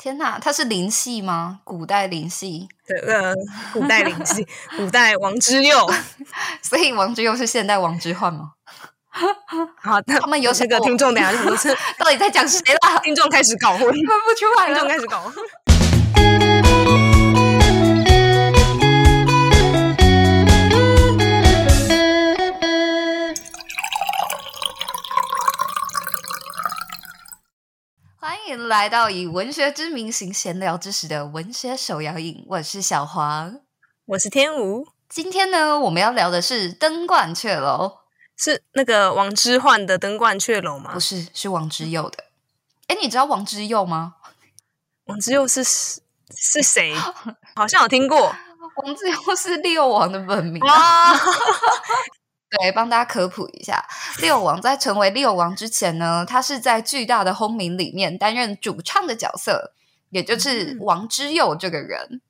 天吶，他是林夕嗎？古代林夕？對，呃，古代林夕， 古代王之佑， 所以王之佑是現代王之渙嗎？好的、啊，他們有幾個聽眾的呀？到底、 就是到底在講誰了？聽眾開始搞混，分不出來。聽眾開始搞混。來到以文學之名行閒聊之時的文學手搖影，我是小黃，我是天吳。今天呢，我們要聊的是《登鸛雀樓》是，是那個王之渙的《登鸛雀樓》嗎？不是，是王之佑的。哎、嗯，你知道王之佑嗎？王之佑是是誰？ 好像有聽過，王之佑是 Leo 王的本名啊。啊 對，幫大家科普一下，六王在成為六王之前呢，他是在巨大的轟鳴裡面擔任主唱的角色，也就是王之佑這個人。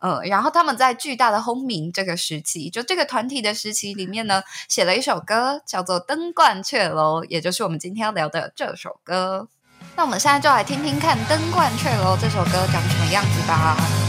嗯，然後他們在巨大的轟鳴這個時期，就這個團體的時期裡面呢，寫了一首歌叫做《登鸛雀樓》，也就是我們今天要聊的這首歌。那我們現在就來聽聽看《登鸛雀樓》這首歌長什麼樣子吧。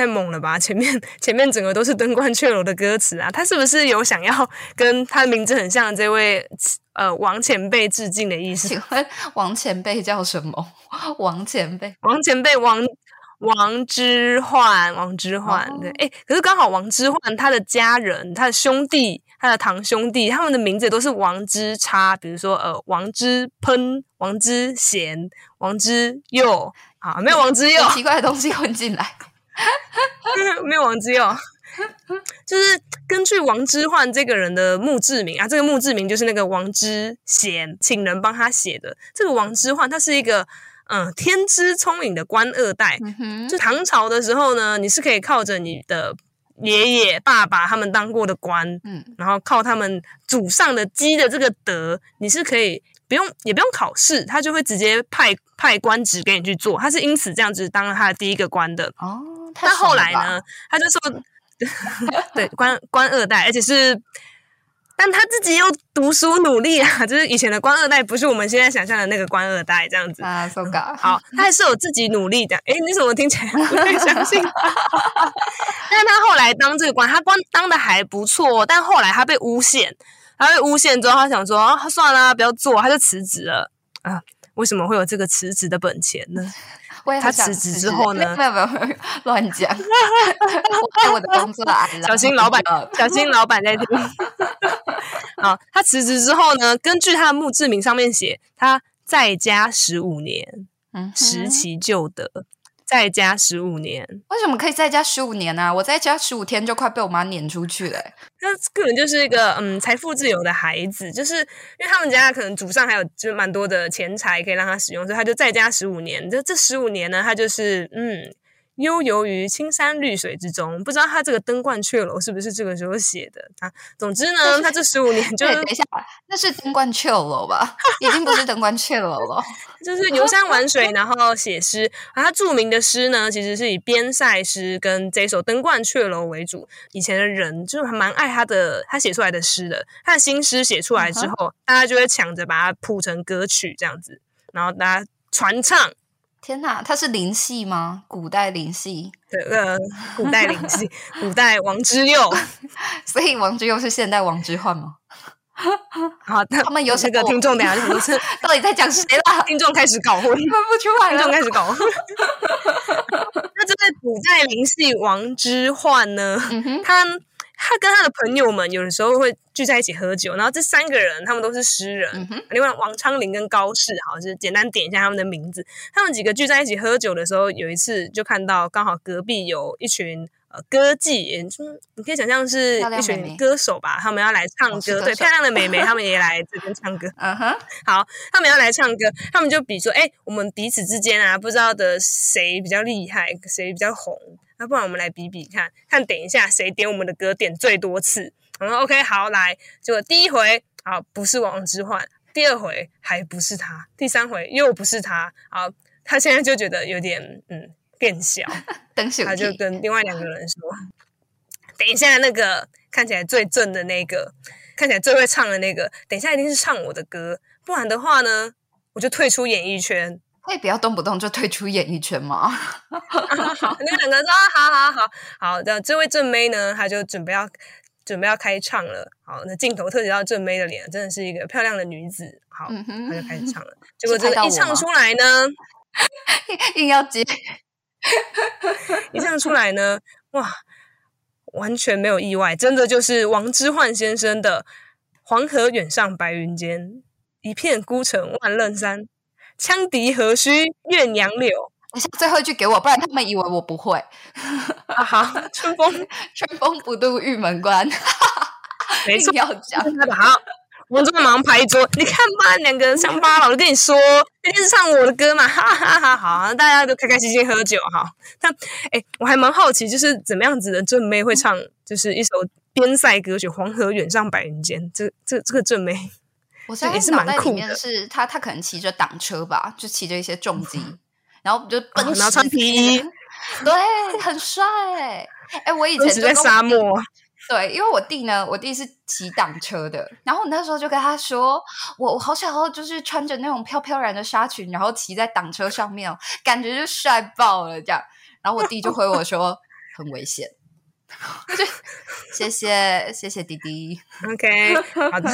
太猛了吧！前面前面整個都是“登鸛雀樓”的歌詞啊，他是不是有想要跟他的名字很像的這位呃王前輩致敬的意思？請問王前輩叫什麼？王前輩，王前輩，王王之渙，王之渙王對。哎、欸，可是剛好王之渙他的家人、他的兄弟、他的堂兄弟，他們的名字都是王之差，比如說呃王之噴、王之賢、王之佑啊，沒有王之佑奇怪的東西混進來。 沒有王之耀，就是根據王之渙這個人的墓誌銘啊，這個墓誌銘就是那個王之賢請人幫他寫的。這個王之渙他是一個嗯、呃、天資聰穎的官二代，嗯、哼就唐朝的時候呢，你是可以靠着你的爺爺、爸爸他們當過的官，然後靠他們祖上的積的這個德，你是可以不用也不用考試，他就會直接派派官職給你去做。他是因此這樣子當了他的第一個官的哦。.但後來呢？他就說，嗯、 對，官官二代，而且是，但他自己又讀書努力啊，就是以前的官二代，不是我們現在想象的那個官二代這樣子啊，so good 好，他還是有自己努力的。哎，你怎麼聽起來不太相信？ 但他後來當這個官，他官當的還不錯，哦，但後來他被誣陷，他被誣陷之後，他想說啊，算了，不要做，他就辭職了啊。為什麼會有這個辭職的本錢呢？他辭職之後呢？沒有沒有，沒有，亂講。 我，我的工作啊，小心老闆， 小心老闆在這裡。 好，他辭職之後呢？根據他的墓誌銘上面寫，他在家十五年，嗯、哼持其舊德。在家十五年，為什麼可以在家十五年呢、啊？我在家十五天就快被我媽攆出去了、欸。他可能就是一個嗯，財富自由的孩子，就是因為他們家可能祖上還有就蠻多的錢財可以讓他使用，所以他就在家十五年。就這十五年呢，他就是嗯。悠游於青山綠水之中，不知道他這個《登鸛雀樓》是不是這個時候寫的？啊，總之呢，是他這十五年就等一下，那是《登鸛雀樓》吧？ 已經不是《登鸛雀樓》了， 就是遊山玩水，然後寫詩，啊，他著名的詩呢，其實是以邊塞詩跟這首《登鸛雀樓》為主。以前的人就還蠻愛他的，他寫出來的詩的，他的新詩寫出來之後，uh huh. 大家就會搶着把它譜成歌曲這樣子，然後大家傳唱。天哪，他是靈系嗎？古代靈系對，呃，古代靈系， 古代王之佑， 所以王之佑是現代王之渙嗎？好的、啊，他，他們有幾個聽眾、就是，等下是到底在講誰啦？聽眾開始搞混，分不出來。聽眾開始搞混。那這位古代靈系王之渙呢？嗯、哼他他跟他的朋友們，有的時候會聚在一起喝酒，然後這三個人他們都是詩人。嗯、哼另外，王昌齡跟高適，好，就簡單點一下他們的名字。他們幾個聚在一起喝酒的時候，有一次就看到剛好隔壁有一群呃歌妓，嗯，你可以想象是一群歌手吧？他們要來唱歌，對，漂亮的妹妹，他們也來這邊唱歌。嗯哼，好，他們要來唱歌，他們就比說，哎、欸，我們彼此之間啊，不知道的誰比較厲害，誰比較紅，那不然我們來比比看看，等一下誰點我們的歌點最多次。然後說 OK，好，來。結果第一回啊，不是王之渙；第二回還不是他；第三回又不是他。啊，他現在就覺得有點嗯變小。等 他就跟另外兩個人說：“對等一下，那個看起來最正的那個，看起來最會唱的那個，等一下一定是唱我的歌，不然的話呢，我就退出演藝圈。”可以不要動不動就退出演藝圈嗎？好，那兩個人說：“好好好好。好”的。」然後這位正妹呢，他就準備要。準備要開唱了，好，那鏡頭特寫到正妹的臉，真的是一個漂亮的女子。好，她、嗯嗯、就開始唱了。結果這個一唱出來呢，硬要接； 一唱出來呢，哇，完全沒有意外，真的就是王之渙先生的《黃河遠上白雲間》，一片孤城萬仞山，羌笛何須怨楊柳。嗯最後一句給我，不然他們以為我不會。 啊、好，春風春風不度玉門關。 沒定錯要講，來吧、嗯，好，我們這邊馬上拍桌。你看吧，兩個鄉巴佬都跟你說，今天是唱我的歌嘛，哈，哈哈哈。好，大家都開開心心喝酒，好。但，哎，我還蠻好奇，就是怎麼樣子的正妹會唱，就是一首邊塞歌曲《黃河遠上白雲間》這。這這這個正妹，我猜在他腦袋裡面是他，他可能騎着擋車吧，就騎着一些重機。嗯然後就奔馳，對，很帥。哎，我以前我在沙漠，對，因為我弟呢，我弟是騎檔車的。然後我那時候就跟他說，我我好想要就是穿着那種飄飄然的紗裙，然後騎在檔車上面哦，感覺就帥爆了這樣。然後我弟就回我說， 很危險。就謝謝謝謝弟弟。OK，好的。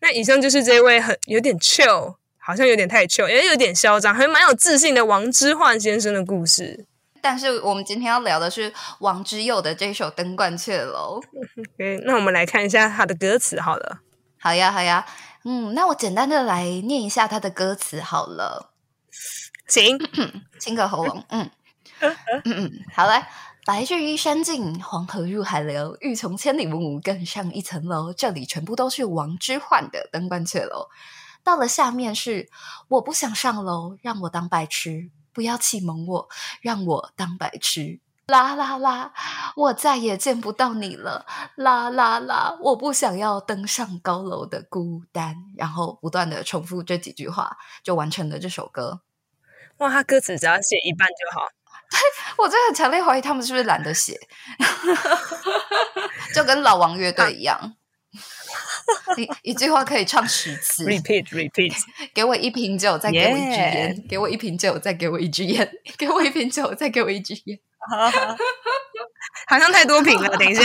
那以上就是這位很有點 chill。好像有點太秀，也有點囂張，還蠻有自信的王之渙先生的故事。但是我們今天要聊的是王之佑的這首《登鸛雀樓》。Okay, 那我們來看一下他的歌詞，好了。好呀，好呀。嗯，那我簡單的來念一下他的歌詞，好了。請，清個喉嚨。嗯嗯 嗯，好嘞。白日依山盡，黃河入海流。欲窮千里目，更上一層樓。這裡全部都是王之渙的《登鸛雀樓》。到了下面是我不想上樓，讓我當白痴，不要啟蒙我，讓我當白痴，啦啦啦，我再也見不到你了，啦啦啦，我不想要登上高樓的孤單，然後不斷的重複這幾句話，就完成了這首歌。哇，他歌詞只要寫一半就好，對，我真的很強烈懷疑他們是不是懶得寫， 就跟老王樂隊一樣。啊 一一句話可以唱十次，repeat repeat，給我一瓶酒，再給我一支菸，給我一瓶酒，再給我一支菸 Yeah.，給我一瓶酒，再給我一支菸 ，好像太多瓶了， 等一下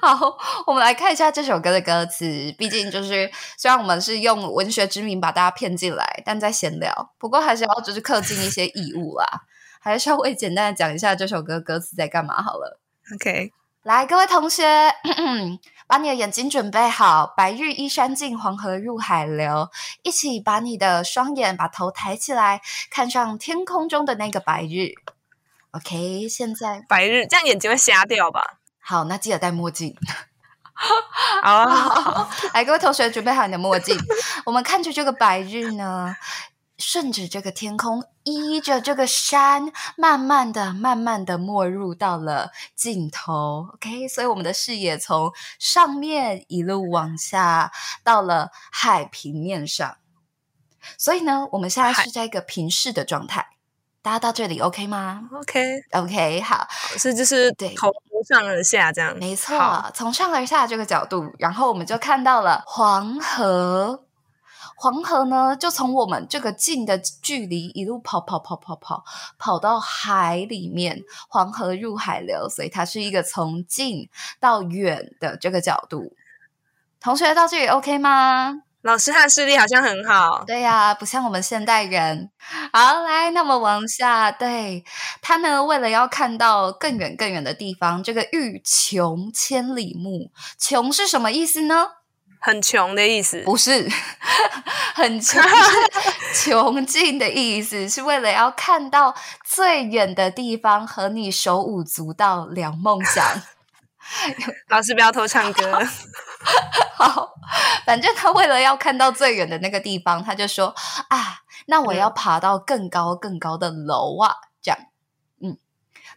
好。好，我們來看一下這首歌的歌詞，畢竟就是雖然我們是用文學之名把大家騙進來，但在閒聊。不過還是要就是克盡一些義務啦、啊， 還是稍微簡單的講一下這首歌的歌詞在幹嘛好了。OK，來，各位同學。 把你的眼睛準備好，白日依山盡，黃河入海流。一起把你的雙眼，把頭抬起來，看上天空中的那個白日。OK，現在白日，這樣眼睛會瞎掉吧？好，那記得戴墨鏡。 好啊，來，各位同學，準備好你的墨鏡。 我們看着這個白日呢？順着這個天空，依着這個山，慢慢的、慢慢的沒入到了盡頭。OK，所以我們的視野從上面一路往下，到了海平面上。所以呢，我們現在是在一個平視的狀態。Hi. 大家到這裡 OK 嗎？OK，OK，Okay.、OK, 好，是就是對，從從上而下這樣，沒錯，好從上而下這個角度，然後我們就看到了黃河。黃河呢，就從我們這個近的距離一路跑跑跑跑跑跑到海裡面，黃河入海流，所以它是一個從近到遠的這個角度。同學到這裡 OK 嗎？老師他的視力好像很好，對呀、啊，不像我們現代人。好，來，那麼往下，對，他呢，為了要看到更遠更遠的地方，這個欲窮千里目，窮是什麼意思呢？很窮的意思，不是很窮，窮盡的意思，是為了要看到最遠的地方，和你手舞足蹈聊夢想。老師不要偷唱歌 好，好，反正他為了要看到最遠的那個地方，他就說啊，那我要爬到更高更高的樓啊。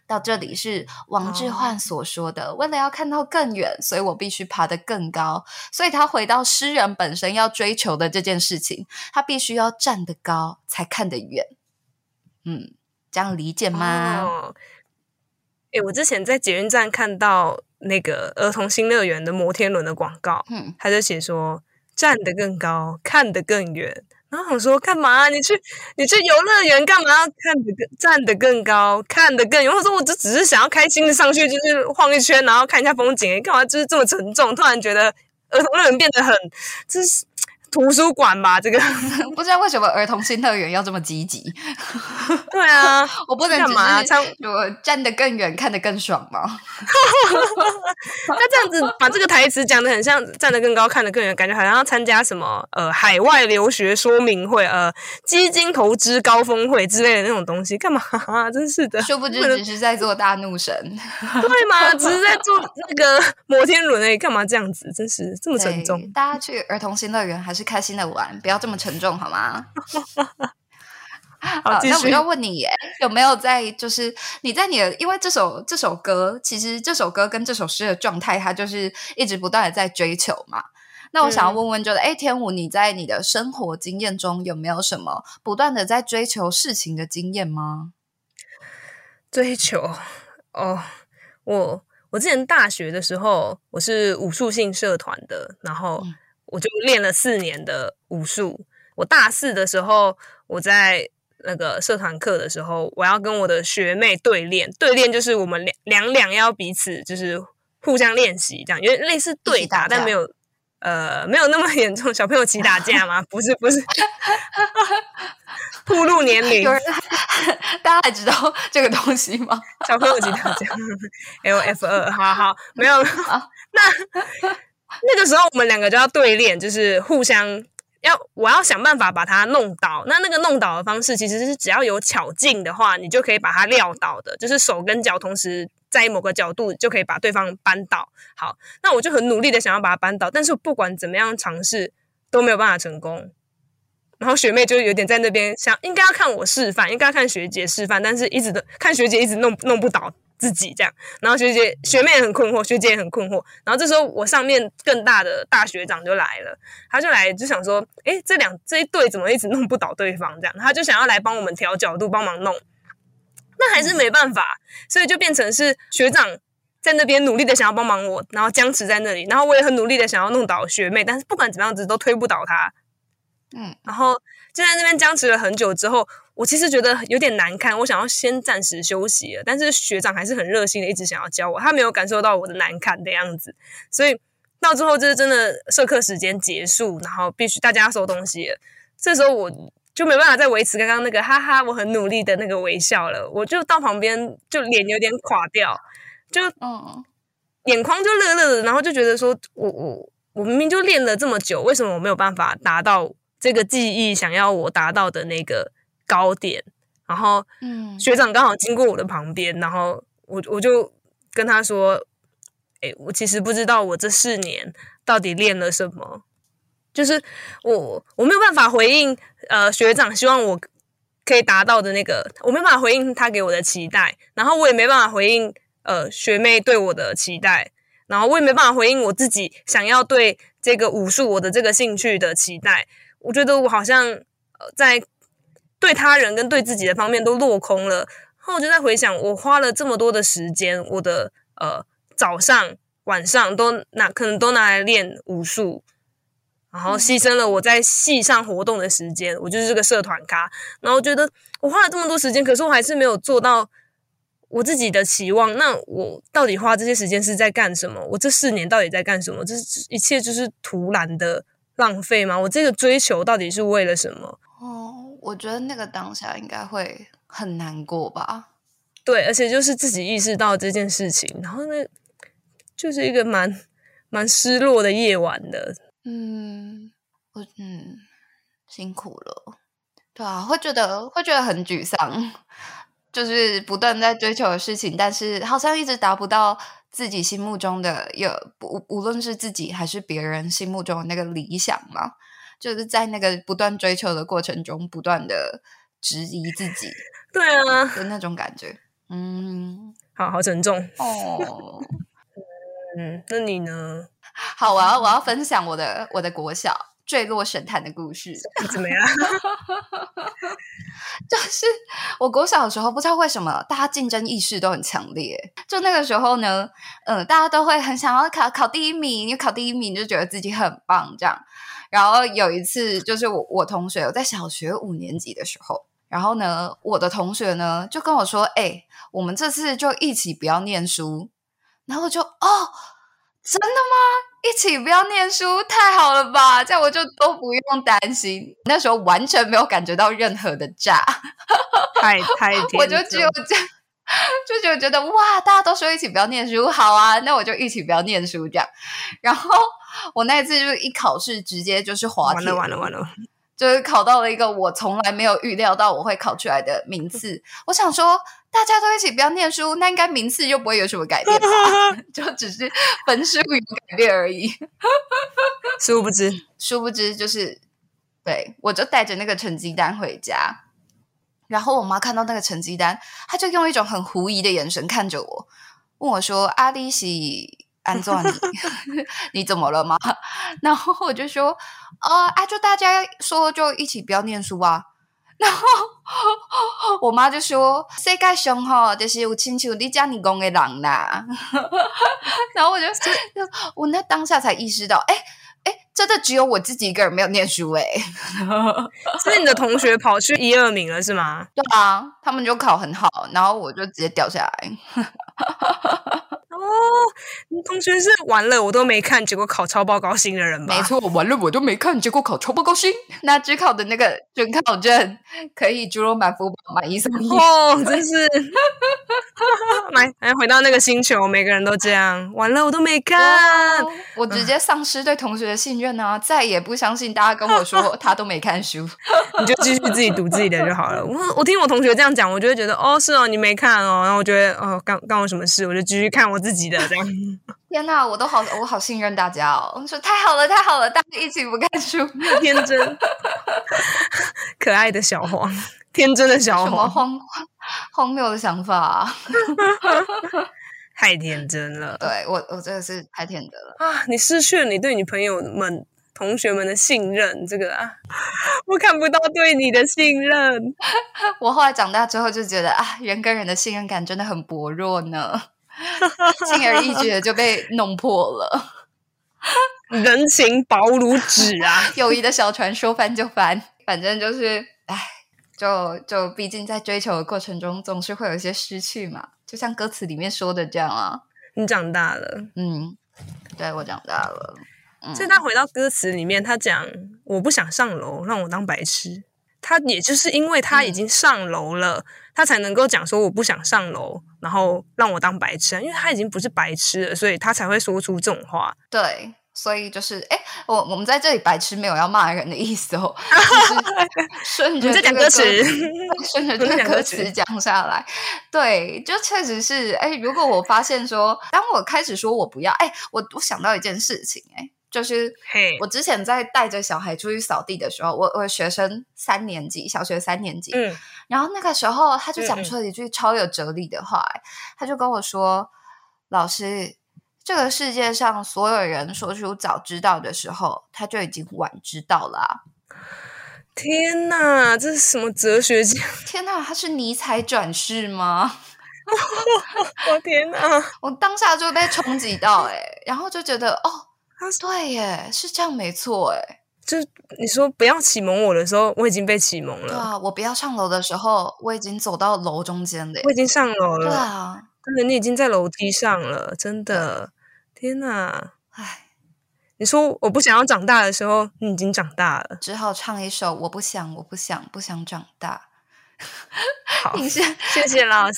到這裡是王之渙所說的，哦、為了要看到更遠，所以我必須爬得更高。所以他回到詩人本身要追求的這件事情，他必須要站得高才看得遠。嗯，這樣理解嗎？哎、哦欸，我之前在捷運站看到那個兒童新樂園的摩天輪的廣告，嗯，他就寫說站得更高，看得更遠。然後我說：“幹嘛？你去你去遊樂園幹嘛？要看你站得更高，看得更遠。”我說：“我就只是想要開心的上去，就是晃一圈，然後看一下風景。幹嘛就是這麼沉重？突然覺得兒童樂園變得很就是。”圖書館吧，這個 不知道、啊、為什麼兒童新樂園要這麼積極。對啊， 我不能幹嘛、啊？我站得更遠，看得更爽嗎？那 這樣子把這個台詞講得很像站得更高，看得更遠，感覺好像要參加什麼呃海外留學說明會、呃基金投資高峰會之類的那種東西，幹嘛、啊、真是的，說不定只是在做大怒神， 對嗎？只是在做那個摩天輪哎、欸，幹嘛這樣子？真是這麼沉重？大家去兒童新樂園還是？是開心的玩，不要這麼沉重好嗎？ 好，啊、續那我要問你、欸，有沒有在就是你在你的，因為這首這首歌，其實這首歌跟這首詩的狀態，它就是一直不斷的在追求嘛。那我想要問問，就是哎是、欸，天吳你在你的生活經驗中有沒有什麼不斷的在追求事情的經驗嗎？追求哦，我我之前大學的時候，我是武術性社團的，然後。嗯我就練了四年的武術。我大四的時候，我在那個社團課的時候，我要跟我的學妹對練。對練就是我們兩兩兩要彼此就是互相練習這樣，因為類似對打，但沒有呃沒有那麼嚴重。小朋友齊打交嗎？不是不是， 啊，暴露年齡。有人大家還知道這個東西嗎？小朋友齊打交 ？LF2 好好，好沒有 那。 那個時候，我們兩個就要對練，就是互相要，我要想辦法把它弄倒。那那個弄倒的方式，其實是只要有巧勁的話，你就可以把它撂倒的，就是手跟腳同時在某個角度，就可以把對方扳倒。好，那我就很努力的想要把它扳倒，但是不管怎麼樣嘗試都沒有辦法成功。然後學妹就有點在那邊想，應該要看我示範，應該要看學姐示範，但是一直都看學姐一直弄弄不倒。自己這樣，然後學姐學妹也很困惑，學姐也很困惑。然後這時候我上面更大的大學長就來了，他就來就想說：“哎，這兩這一對怎麼一直弄不倒對方？”這樣，他就想要來幫我們調角度，幫忙弄。那還是沒辦法，所以就變成是學長在那邊努力的想要幫忙我，然後僵持在那裡。然後我也很努力的想要弄倒學妹，但是不管怎麼樣子都推不倒她。嗯，然後就在那邊僵持了很久之後。我其實覺得有點難堪，我想要先暫時休息了，但是學長還是很熱心的，一直想要教我。他沒有感受到我的難堪的樣子，所以到之後就是真的社課時間結束，然後必須大家要收東西。這時候我就沒辦法再維持剛剛那個哈哈，我很努力的那個微笑了。我就到旁邊，就臉有點垮掉，就嗯，眼眶就熱熱的，然後就覺得說我我我明明就練了這麼久，為什麼我沒有辦法達到這個記憶想要我達到的那個？高點，然後學長剛好經過我的旁邊，嗯，然後我我就跟他說：“誒，我其實不知道我這四年到底練了什麼，就是我我沒有辦法回應呃學長希望我可以達到的那個，我沒辦法回應他給我的期待，然後我也沒辦法回應呃學妹對我的期待，然後我也沒辦法回應我自己想要對這個武術我的這個興趣的期待。我覺得我好像呃在。”對他人跟對自己的方面都落空了，然後我就在回想，我花了這麼多的時間，我的呃早上晚上都拿可能都拿來練武術，然後犧牲了我在系上活動的時間，我就是這個社團咖，然後覺得我花了這麼多時間，可是我還是沒有做到我自己的期望。那我到底花這些時間是在幹什麼？我這四年到底在幹什麼？這一切就是徒然的浪費嗎？我這個追求到底是為了什麼？哦，oh, 我覺得那個當下應該會很難過吧。對，而且就是自己意識到這件事情，然後呢，就是一個蠻蠻失落的夜晚的。嗯，我嗯辛苦了。對啊，會覺得會覺得很沮喪，就是不斷在追求的事情，但是好像一直達不到自己心目中的有，無無論是自己還是別人心目中的那個理想嘛。就是在那個不斷追求的過程中，不斷的質疑自己，對啊、嗯，的那種感覺，嗯，好好沉重哦。 嗯，那你呢？好、啊，我要我要分享我的我的國小墜落神壇的故事。怎麼樣？ 就是我國小的時候，不知道為什麼大家競爭意識都很強烈。就那個時候呢，嗯、呃，大家都會很想要考考第一名，因為考第一名你就覺得自己很棒，這樣。然後有一次，就是我我同學我在小學五年級的時候，然後呢，我的同學呢就跟我說：“哎、欸，我們這次就一起不要念書。”然後我就哦，真的嗎？一起不要念書，太好了吧？這樣我就都不用擔心。那時候完全沒有感覺到任何的炸，哈哈，太太甜， 我就只有這樣。就就覺得哇，大家都說一起不要念書，好啊，那我就一起不要念書這樣。然後我那一次就是一考試，直接就是滑完了，完了完了，就是考到了一個我從來沒有預料到我會考出來的名次。我想說，大家都一起不要念書，那應該名次就不會有什麼改變吧？ 就只是分數有改變而已。 殊不知，殊不知，就是對我就帶着那個成績單回家。然後我媽看到那個成績單，她就用一種很狐疑的眼神看着我，問我說：“阿里西，是安怎你， 你怎麼了嗎？”然後我就說：“哦、呃，啊，就大家說就一起不要念書啊。”然後我媽就說：“ 世界上吼，就是有親戚有你家你公的人啦、啊。 ”然後我就， 就，就我那當下才意識到，欸哎、欸，真的只有我自己一個人沒有念書。哎、欸， 是你的同學跑去一二名了，是嗎？對啊，他們就考很好，然後我就直接掉下來。 哦，你同學是完了，我都沒看，結果考超報高興的人嗎？沒錯，完了，我都沒看，結果考超報高興。 那只考的那個准考證可以豬肉滿福堡買一雙哦，真是。來來， 回到那個星球，每個人都這樣。完了，我都沒看，哦、我直接喪失對同學的信任啊！啊再也不相信大家跟我說他都沒看書， 你就繼續自己讀自己的就好了。 我我聽我同學這樣講，我就會覺得哦，是哦，你沒看哦，然後我覺得哦，干干我什麼事？我就繼續看我自己。這樣。天哪、啊，我都好，我好信任大家哦。我說太好了，太好了，大家一起不看書， 天真，可愛的小黃，天真的小黃，什麼荒荒謬的想法、啊、 太天真了。對我，我真的是太天真了啊！你失去了你對你朋友們、同學們的信任，這個啊，我看不到對你的信任。我後來長大之後就覺得啊，人跟人的信任感真的很薄弱呢。 輕而易舉的就被弄破了， 人情薄如紙啊， 友誼的小船說翻就翻。 反正就是，哎，就就，畢竟在追求的過程中，總是會有一些失去嘛。就像歌詞裡面說的這樣啊，你長大了、嗯、長大了，嗯，對，我長大了。所以他回到歌詞裡面，他講我不想上樓，讓我當白痴。他也就是因為他已經上樓了，嗯、他才能夠講說我不想上樓，然後讓我當白癡、啊，因為他已經不是白癡了，所以他才會說出這種話。對，所以就是，哎，我我們在這裡白癡沒有要罵人的意思哦， 順着這個歌，你在講歌詞，順着這個歌詞講下來，對，就確實是，哎，如果我發現說，當我開始說我不要，哎，我我想到一件事情、欸，哎。就是我之前在帶着小孩出去掃地的時候，我我學生三年級，小學三年級，嗯，然後那個時候他就講出了一句超有哲理的話、欸，他就跟我說：“老師，這個世界上所有人說出早知道的時候，他就已經晚知道了、啊。”天哪，這是什麼哲學家？天哪，他是尼采轉世嗎？ 我天哪，我當下就被衝擊到哎、欸，然後就覺得哦。啊，他對耶，是這樣沒錯誒。就你說不要啟蒙我的時候，我已經被啟蒙了。對啊，我不要上樓的時候，我已經走到樓中間了，我已經上樓了，對啊，但是你已經在樓梯上了，真的，天吶，哎，你說我不想要長大的時候，你已經長大了，只好唱一首我不想，我不想，不想長大。好，你先 謝謝老師，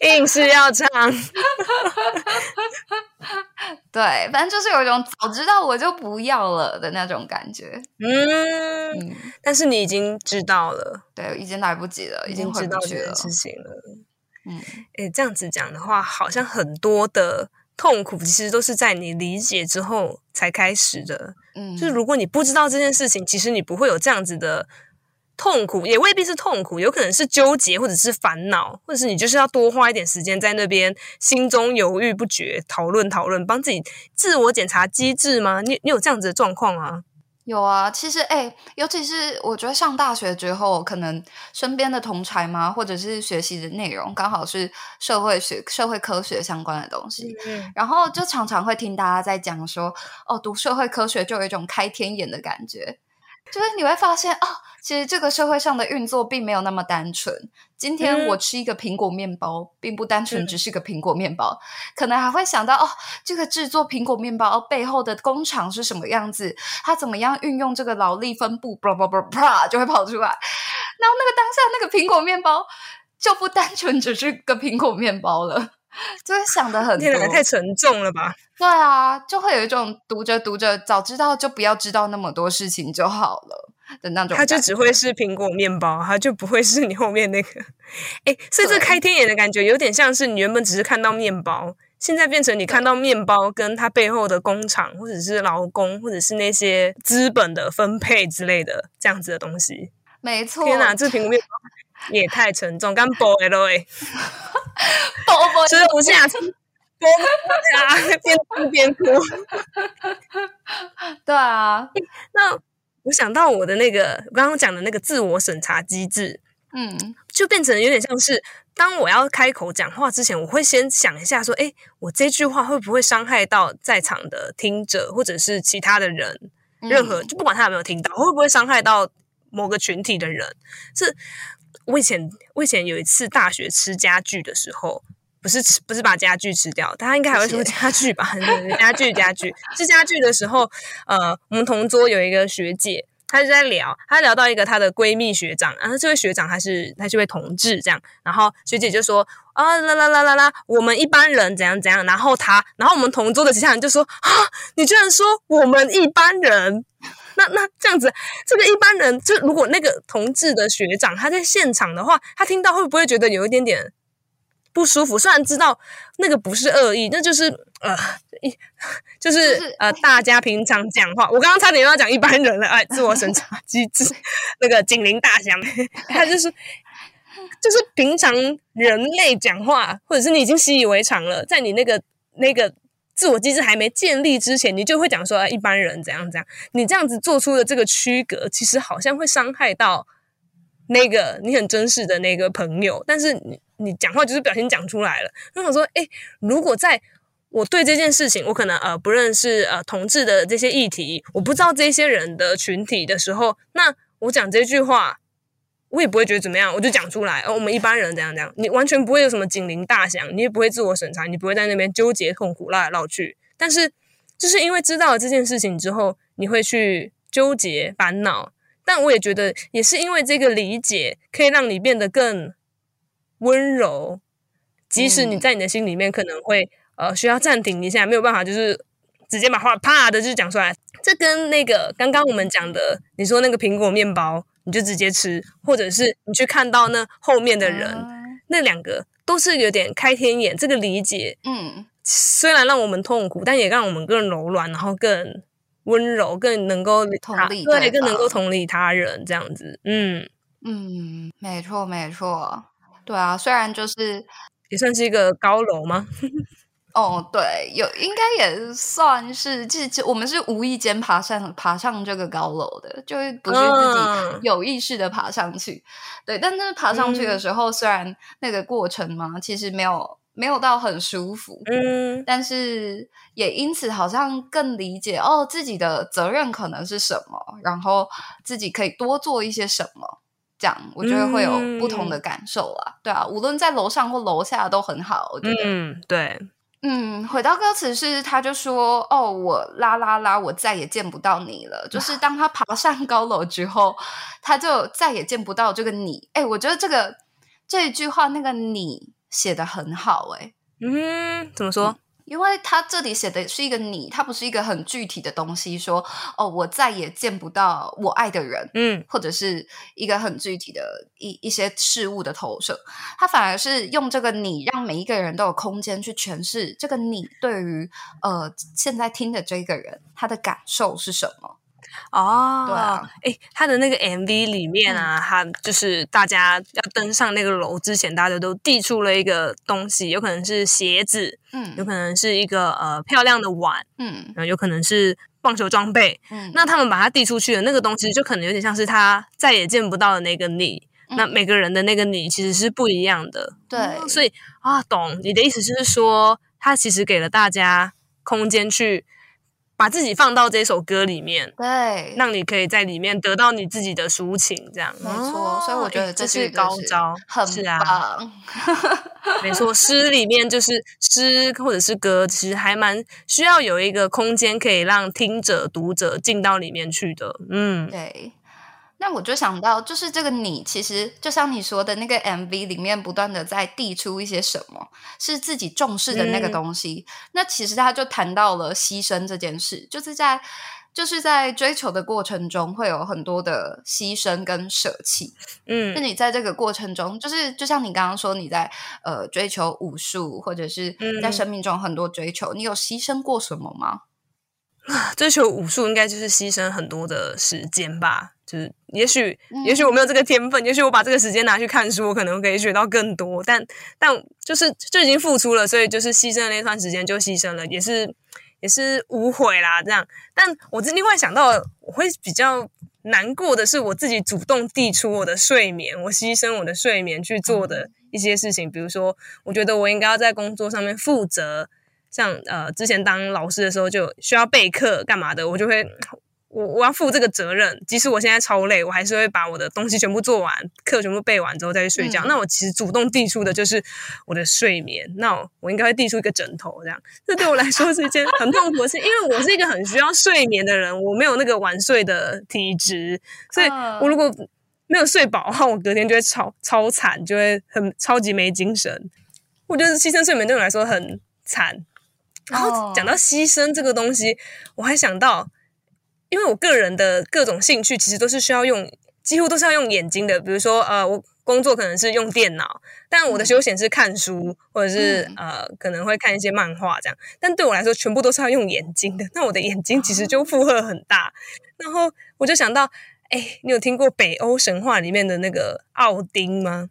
硬是要唱。 對，反正就是有一種早知道我就不要了的那種感覺。嗯，嗯，但是你已經知道了，對，已經來不及了，已經，已經知道這件事情了。嗯，哎，這樣子講的話，好像很多的痛苦其實都是在你理解之後才開始的。嗯，就是如果你不知道這件事情，其實你不會有這樣子的。痛苦也未必是痛苦，有可能是糾結，或者是煩惱，或者是你就是要多花一點時間在那邊，心中猶豫不決，討論討論，幫自己自我檢查機制嗎？你你有這樣子的狀況啊？有啊，其實哎、欸，尤其是我覺得上大學之後，可能身邊的同儕嘛，或者是學習的內容剛好是社會學、社會科學相關的東西，嗯，嗯，然後就常常會聽大家在講說，哦，讀社會科學就有一種開天眼的感覺。就是你會發現啊、哦，其實這個社會上的運作並沒有那麼單純。今天我吃一個蘋果麵包，並不單純只是個蘋果麵包，嗯、可能還會想到哦，這個制作蘋果麵包背後的工廠是什麼樣子，它怎麼樣運用這個勞力分布，巴拉巴拉巴拉就會跑出來。然後那個當下那個蘋果麵包就不單純只是個蘋果麵包了。就是想的很多，天哪太沉重了吧？對啊，就會有一種讀着讀着，早知道就不要知道那麼多事情就好了的那種。它就只會是蘋果麵包，它就不會是你後面那個。誒，所以這開天眼的感覺，對有點像是你原本只是看到麵包，現在變成你看到麵包，跟它背後的工廠，或者是勞工，或者是那些資本的分配之類的這樣子的東西。沒錯，天哪，這蘋果麵包。 也太沉重，剛播了哎，播播吃不下去，對啊，邊唱邊哭，對啊。那我想到我的那個剛剛講的那個自我審查機制，嗯，就變成有點像是當我要開口講話之前，我會先想一下說，哎，我這句話會不會傷害到在場的聽者，或者是其他的人，任何、嗯、就不管他有沒有聽到，會不會傷害到某個群體的人是。我以前，我以前有一次大學吃家具的時候，不是吃，不是把家具吃掉，大家應該還會說家具吧？且 家具，家具，吃家具的時候，呃，我們同桌有一個學姐，她就在聊，她聊到一個她的閨蜜學長，然、啊、後這位學長她是她是位同志，這樣，然後學姐就說啊啦啦啦啦啦，我們一般人怎樣怎樣，然後她，然後我們同桌的其他人就說啊，你居然說我們一般人。那那這樣子，這個一般人，就如果那個同志的學長他在現場的話，他聽到會不會覺得有一點點不舒服？雖然知道那個不是惡意，那就是呃，一就是、就是、呃，大家平常講話，我剛剛差點要講一般人了，哎，自我審查機制， 那個警鈴大響，他就是就是平常人類講話，或者是你已經習以為常了，在你那個那個。自我機制還沒建立之前，你就會講說一般人怎樣怎樣。你這樣子做出的這個區隔，其實好像會傷害到那個你很真實的那個朋友。但是你你講話就是表情講出來了，那我說：哎，如果在我對這件事情，我可能呃不認識呃同志的這些議題，我不知道這些人的群體的時候，那我講這句話。我也不會覺得怎麼樣，我就講出來，哦。我們一般人怎樣怎樣，你完全不會有什麼警鈴大響，你也不會自我審查，你不會在那邊糾結痛苦繞來繞去。但是就是因為知道了這件事情之後，你會去糾結煩惱。但我也覺得，也是因為這個理解，可以讓你變得更溫柔。即使你在你的心裡面可能會、嗯、呃需要暫停一下，沒有辦法，就是直接把話啪的就講出來。這跟那個剛剛我們講的，你說那個蘋果麵包。你就直接吃，或者是你去看到那後面的人，嗯、那兩個都是有點開天眼，這個理解，嗯，雖然讓我們痛苦，但也讓我們更柔軟，然後更溫柔，更能夠同理，對，更能夠同理他人這樣子，嗯嗯，沒錯沒錯，對啊，雖然就是也算是一個高樓嗎？ 哦，對，有，應該也算是，就是我們是無意間爬上爬上這個高樓的，就是不是自己有意識的爬上去。哦、對，但是爬上去的時候，嗯、雖然那個過程嘛，其實沒有沒有到很舒服，嗯，但是也因此好像更理解哦，自己的責任可能是什麼，然後自己可以多做一些什麼，這樣我覺得會有不同的感受啊。嗯、對啊，無論在樓上或樓下都很好，我覺得，嗯，對。嗯，回到歌詞是，他就說：“哦，我啦啦啦，我再也見不到你了。哇”就是當他爬上高樓之後，他就再也見不到這個你。哎、欸，我覺得這個這一句話那個你寫得很好、欸。誒，嗯，怎麼說？嗯因為他這裡寫的是一個你，他不是一個很具體的東西說，說哦，我再也見不到我愛的人，嗯，或者是一個很具體的一一些事物的投射，他反而是用這個你，讓每一個人都有空間去詮釋這個你對於呃現在聽的這個人，他的感受是什麼。哦，oh, 對啊，誒他的那個 MV 裡面啊，他、嗯、就是大家要登上那個樓之前，大家都遞出了一個東西，有可能是鞋子，嗯，有可能是一個呃漂亮的碗，嗯，然後有可能是棒球裝備，嗯，那他們把它遞出去的那個東西，就可能有點像是他再也見不到的那個你，嗯，那每個人的那個你其實是不一樣的，對，所以啊，懂你的意思就是說，他其實給了大家空間去。把自己放到這首歌裡面，對，讓你可以在裡面得到你自己的抒情，這樣沒錯。哦、所以我覺得這，誒這是高招，是很棒。是啊、 沒錯，詩裡面就是詩或者是歌，其實還蠻需要有一個空間，可以讓聽者、讀者進到裡面去的。嗯，對。那我就想到，就是這個你，其實就像你說的那個 MV 裡面，不斷的在遞出一些什麼是自己重視的那個東西。嗯、那其實他就談到了犧牲這件事，就是在就是在追求的過程中，會有很多的犧牲跟舍棄。嗯，那你在這個過程中，就是就像你剛剛說，你在呃追求武術，或者是你在生命中很多追求，嗯、你有犧牲過什麼嗎？啊，追求武術應該就是犧牲很多的時間吧，就是也許也許我沒有這個天分，嗯、也許我把這個時間拿去看書，我可能可以學到更多。但但就是就已經付出了，所以就是犧牲的那段時間就犧牲了，也是也是無悔啦。這樣，但我就另外想到，我會比較難過的是，我自己主動遞出我的睡眠，我犧牲我的睡眠去做的一些事情，嗯、比如說，我覺得我應該要在工作上面負責。像呃，之前當老師的時候就需要備課幹嘛的，我就會我我要負這個責任。即使我現在超累，我還是會把我的東西全部做完，課全部備完之後再去睡覺。嗯、那我其實主動遞出的就是我的睡眠。那我，我應該會遞出一個枕頭，這樣。這對我來說是一件很痛苦的事， 因為我是一個很需要睡眠的人，我沒有那個晚睡的體質，所以我如果沒有睡飽的話，我隔天就會超超慘，就會很超級沒精神。我覺得犧牲睡眠對我來說很慘。然後講到犧牲這個東西，Oh. 我還想到，因為我個人的各種興趣其實都是需要用，幾乎都是要用眼睛的。比如說，呃，我工作可能是用電腦，但我的休閒是看書、Mm. 或者是呃可能會看一些漫畫這樣。Mm. 但對我來說，全部都是要用眼睛的，那我的眼睛其實就負荷很大。Oh. 然後我就想到，哎、欸，你有聽過北歐神話裡面的那個奧丁嗎？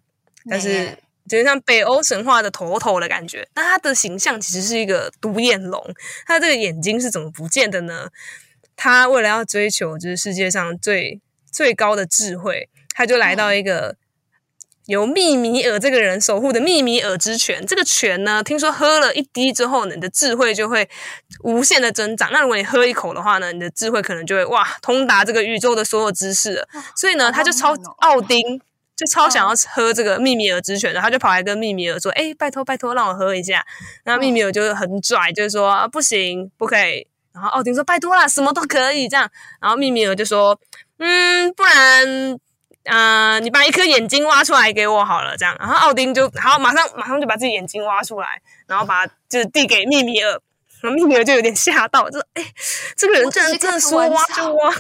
但是。Mm. 就像北歐神話的頭頭的感覺，那他的形象其實是一個獨眼龍。他這個眼睛是怎麼不見的呢？他為了要追求就是世界上最最高的智慧，他就來到一個由密米爾這個人守護的密米爾之泉。這個泉呢，聽說喝了一滴之後呢，你的智慧就會無限的增長。那如果你喝一口的話呢，你的智慧可能就會哇，通達這個宇宙的所有知識了。啊、所以呢，他就超奧、啊、丁。就超想要喝這個密米爾之泉的，哦、然後他就跑來跟密米爾說：“哎、欸，拜託拜託，讓我喝一下。”然後密米爾就很拽，就是說、啊：“不行，不可以。”然後奧丁說：“拜託了，什麼都可以。”這樣，然後密米爾就說：“嗯，不然，啊、呃、你把一顆眼睛挖出來給我好了。”這樣，然後奧丁就好，馬上馬上就把自己眼睛挖出來，然後把就是遞給密米爾。然後密米爾就有點嚇到，就說，哎、欸，這個人竟然真的說挖就挖。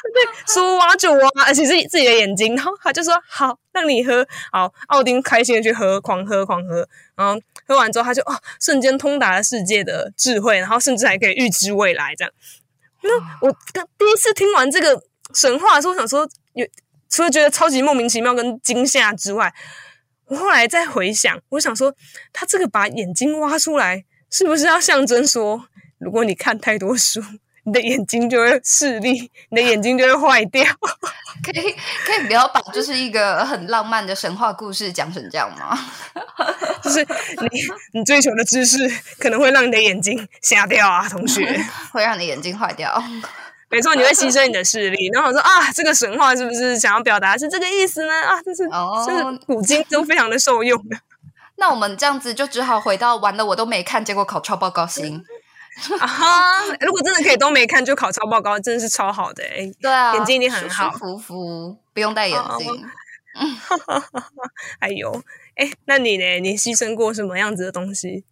對，說挖就挖，而且是自，自己的眼睛，然後他就說好，讓你喝。好，奧丁開心的去喝，狂喝，狂喝，然後喝完之後，他就哦、啊，瞬間通達了世界的智慧，然後甚至還可以預知未來，這樣。那我第一次聽完這個神話的時候，說想說有除了覺得超級莫名其妙跟驚嚇之外，我後來再回想，我想說他這個把眼睛挖出來，是不是要象徵說，如果你看太多書？你的眼睛就會視力，你的眼睛就會壞掉。可以可以不要把就是一個很浪漫的神話故事講成這樣嗎？就是你你追求的知識可能會讓你的眼睛瞎掉啊，同學，會讓你眼睛壞掉。沒錯，你會犧牲你的視力。然後我說 啊，這個神話是不是想要表達是這個意思呢？啊，就是哦，oh. 是古今都非常的受用的。 那我們這樣子就只好回到玩的我都沒看，結果考超爆高興啊！ uh、huh, 如果真的可以都沒看就考超報告， 真的是超好的，欸，對啊，眼睛已很好，舒舒服服，不用戴眼鏡。 哎呦，欸、那你呢？你犧牲過什麼樣子的東西？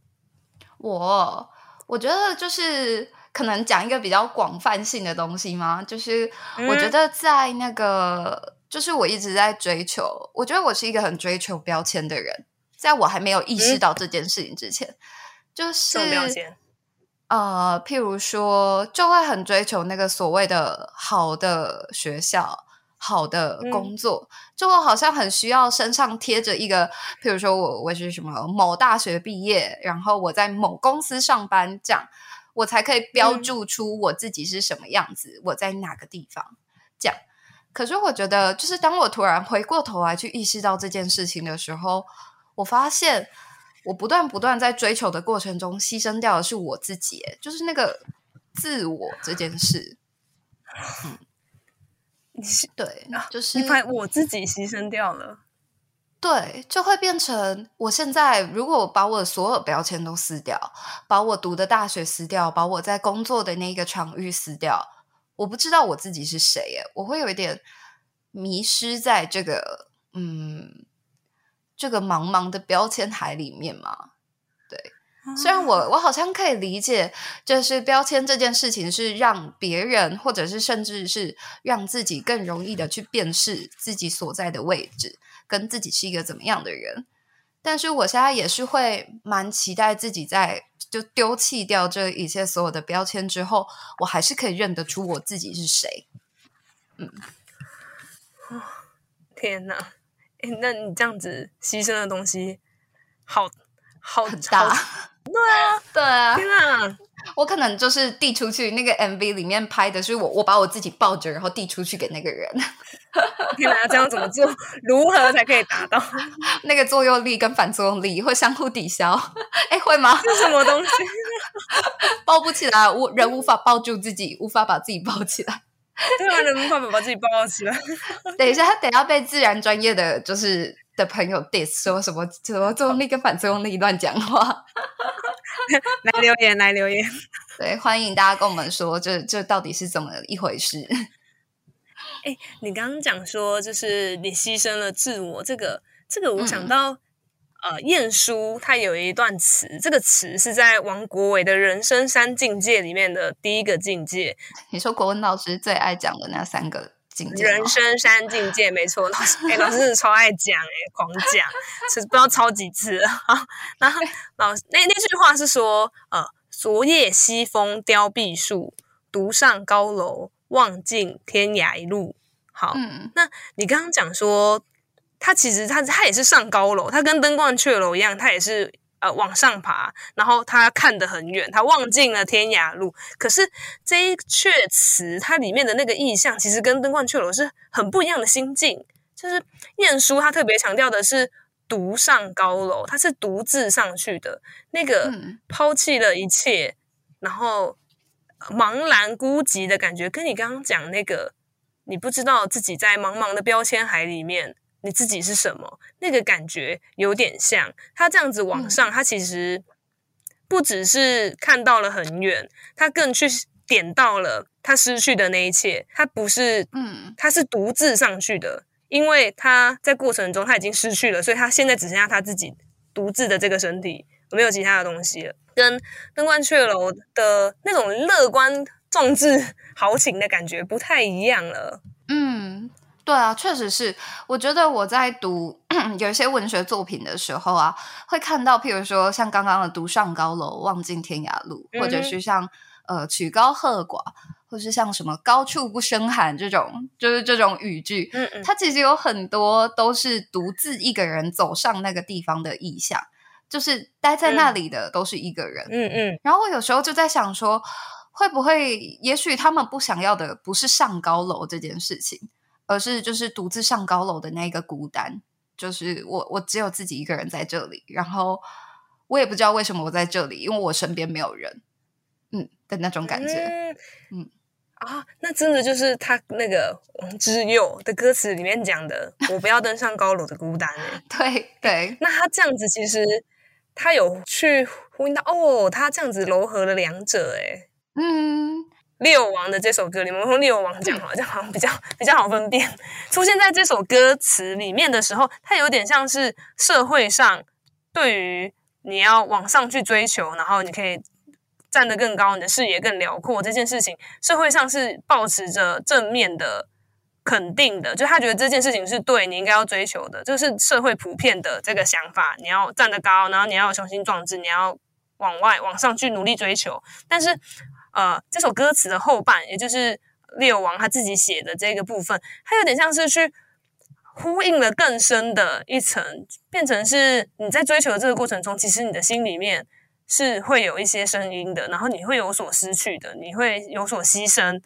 我我覺得就是可能講一個比較廣泛性的東西嗎，就是，嗯，我覺得在那個就是我一直在追求，我覺得我是一個很追求標籤的人，在我還沒有意識到這件事情之前，嗯，就是。呃，譬如說，就會很追求那個所謂的好的學校、好的工作，嗯、就會好像很需要身上貼着一個，譬如說我我是什麼某大學畢業，然後我在某公司上班，這樣我才可以標注出我自己是什麼樣子，嗯、我在哪個地方這樣。可是我覺得，就是當我突然回過頭來去意識到這件事情的時候，我發現。我不斷不斷在追求的過程中，犧牲掉的是我自己，就是那個自我這件事。嗯，是對，就是你把我自己犧牲掉了。對，就會變成我現在，如果把我所有標籤都撕掉，把我讀的大學撕掉，把我在工作的那個場域撕掉，我不知道我自己是誰耶，我會有一點迷失在這個嗯。這個茫茫的標籤海裡面嘛，對。雖然我我好像可以理解，就是標籤這件事情是讓別人，或者是甚至是讓自己更容易的去辨識自己所在的位置，跟自己是一個怎麼樣的人。但是我現在也是會蠻期待自己在就丟棄掉這一切所有的標籤之後，我還是可以認得出我自己是誰。嗯，天吶。哎，那你這樣子犧牲的東西，好好很大好，對啊，對啊！天吶哪，我可能就是遞出去那個 MV 裡面拍的，是我我把我自己抱着，然後遞出去給那個人。 天哪，這樣怎麼做？ 如何才可以達到 那個作用力跟反作用力會相互抵消？哎、 欸，會嗎？是什麼東西？抱不起來，無人無法抱住自己，無法把自己抱起來。他能不能把寶寶自己抱起來？等一下， 他等下被自然專業的就是的朋友 dis 說什，什麼怎麼作用力跟反作用力亂講話。 來留言，來留言，對，歡迎大家跟我們說，這這到底是怎麼一回事？哎、欸，你剛剛講說，就是你犧牲了自我，這個這個，我想到、嗯。呃，晏殊他有一段詞，這個詞是在王國維的《人生三境界》裡面的第一個境界。你說國文老師最愛講的那三個境界，《人生三境界》沒錯。老師，哎、欸，老師超愛講、欸，哎， 狂講，其實不知道超幾次 然後老那那句話是說，呃，昨夜西風凋碧樹，獨上高樓，望盡天涯路。好，嗯、那你剛剛講說。他其實他他也是上高樓，他跟登鸛雀樓一樣，他也是呃往上爬，然後他看得很遠，他望盡了天涯路。可是這一闕詞，它裡面的那個意象，其實跟登鸛雀樓是很不一樣的心境。就是晏殊他特別強調的是獨上高樓，他是獨自上去的，那個拋棄了一切，然後茫然孤寂的感覺，跟你剛剛講那個，你不知道自己在茫茫的標籤海裡面。自己是什麼？那個感覺有點像他這樣子往上，嗯，他其實不只是看到了很遠，他更去點到了他失去的那一切。他不是，嗯，他是獨自上去的，因為他在過程中他已經失去了，所以他現在只剩下他自己獨自的這個身體，沒有其他的東西了。跟《登鸛雀樓》的那種樂觀壯志豪情的感覺不太一樣了。對啊，確實是。我覺得我在讀 有一些文學作品的時候啊，會看到，譬如說像剛剛的“獨上高樓，望盡天涯路”，嗯、或者是像呃“曲高和寡”，或是像什麼“高處不勝寒”這種，就是這種語句。嗯嗯，它其實有很多都是獨自一個人走上那個地方的意象，就是待在那裡的都是一個人。嗯，嗯嗯，然後我有時候就在想說，說會不會，也許他們不想要的不是上高樓這件事情。而是就是獨自上高樓的那個孤單，就是我我只有自己一個人在這裡，然後我也不知道為什麼我在這裡，因為我身邊沒有人，嗯的那種感覺，嗯，嗯啊，那真的就是他那個王之佑的歌詞裡面講的， 我不要登上高樓的孤單，欸 對，對對，那他這樣子其實他有去呼應到，哦，他這樣子糅合了兩者，欸，哎，嗯。六王的這首歌裡，我們六王講哈，這好像比較比較好分辨。出現在這首歌詞裡面的時候，它有點像是社會上對於你要往上去追求，然後你可以站得更高，你的視野更遼闊這件事情，社會上是抱持着正面的肯定的，就他覺得這件事情是對你應該要追求的，就是社會普遍的這個想法，你要站得高，然後你要有雄心壯志，你要往外往上去努力追求，但是。呃，這首歌詞的後半，也就是獵王他自己寫的這個部分，它有點像是去呼應了更深的一層，變成是你在追求這個過程中，其實你的心裡面是會有一些聲音的，然後你會有所失去的，你會有所犧牲。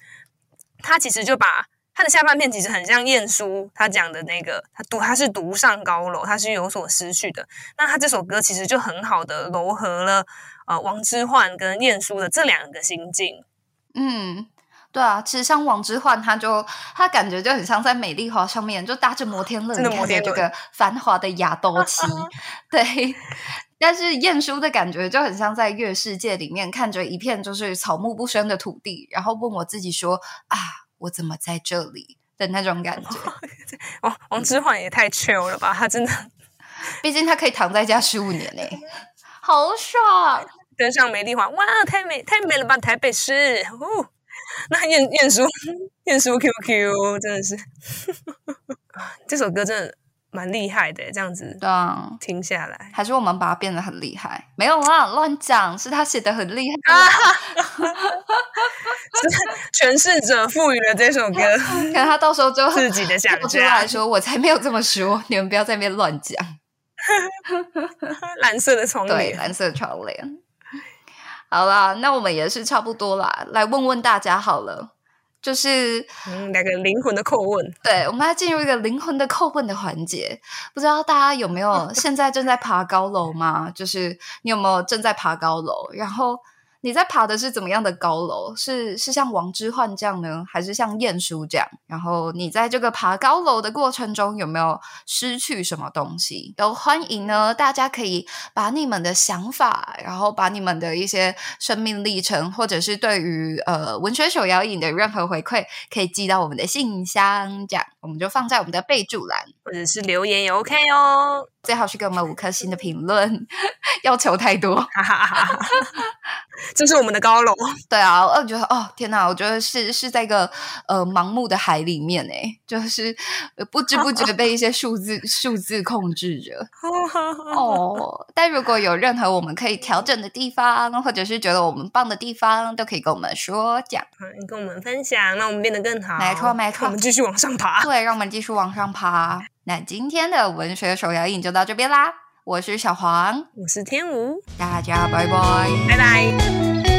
他其實就把。他的下半片其實很像晏殊，他講的那個，他讀他是獨上高樓，他是有所失去的。那他這首歌其實就很好的糅合了呃，王之渙跟晏殊的這兩個心境。嗯，對啊，其實像王之渙，他就他感覺就很像在美麗華上面，就搭着摩天輪看着這個繁華的亞都區。啊啊對，但是晏殊的感覺就很像在月世界裡面看着一片就是草木不生的土地，然後問我自己說啊。我怎麼在這裡的那種感覺？王、哦、王之渙也太 chill 了吧？嗯、他真的，畢竟他可以躺在家十五年嘞、欸， 好爽！登上美麗華，哇，太美太美了吧！台北市，哦，那晏晏殊晏殊 QQ 真的是呵呵，這首歌真的。蠻厲害的，這樣子。對聽下來、啊，還是我們把它變得很厲害？沒有啊，亂講，是他寫得很厲害。哈哈哈哈哈！詮 釋者賦予了這首歌， 看他到時候就自己的想象來，來說，我才沒有這麼說，你們不要在那邊亂講。藍色的窗簾，對，藍色的窗簾。好了，那我們也是差不多啦，來問問大家好了。就是，嗯，兩個靈魂的叩問。對，我們要進入一個靈魂的叩問的環節。不知道大家有沒有現在正在爬高樓嗎？ 就是你有沒有正在爬高樓，然後。你在爬的是怎麼樣的高樓？是是像王之渙這樣呢，還是像晏殊這樣？然後你在這個爬高樓的過程中，有沒有失去什麼東西？都歡迎呢，大家可以把你們的想法，然後把你們的一些生命歷程，或者是對於呃文學手搖飲的任何回饋，可以寄到我們的信箱，這樣我們就放在我們的備注欄，或者是留言也 OK 哦。最好是給我們五顆星的評論， 要求太多。 這是我們的高樓，對啊，我覺得哦，天哪，我覺得是是在一個呃盲目的海裡面誒，就是不知不覺被一些數字 數字控制着。 哦，但如果有任何我們可以調整的地方，或者是覺得我們棒的地方，都可以跟我們說講好，你跟我們分享，讓我們變得更好。沒錯，沒錯，我們繼續往上爬。對，讓我們繼續往上爬。 那今天的文學手搖椅就到這邊啦。我是小黃，我是天吳，大家拜拜，拜拜。